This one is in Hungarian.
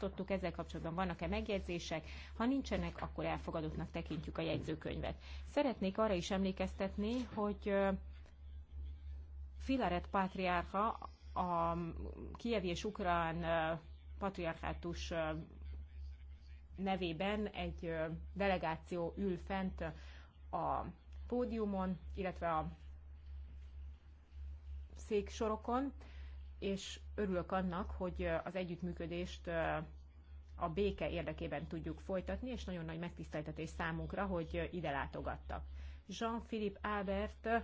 megválasztottuk, ezzel kapcsolatban vannak-e megjegyzések, ha nincsenek, akkor elfogadottnak tekintjük a jegyzőkönyvet. Szeretnék arra is emlékeztetni, hogy Filaret Pátriárha, a kievi és ukrán patriarchátus nevében egy delegáció ül fent a pódiumon, illetve a széksorokon, és örülök annak, hogy az együttműködést a béke érdekében tudjuk folytatni, és nagyon nagy megtiszteltetés számunkra, hogy ide látogattak. Jean-Philippe Albert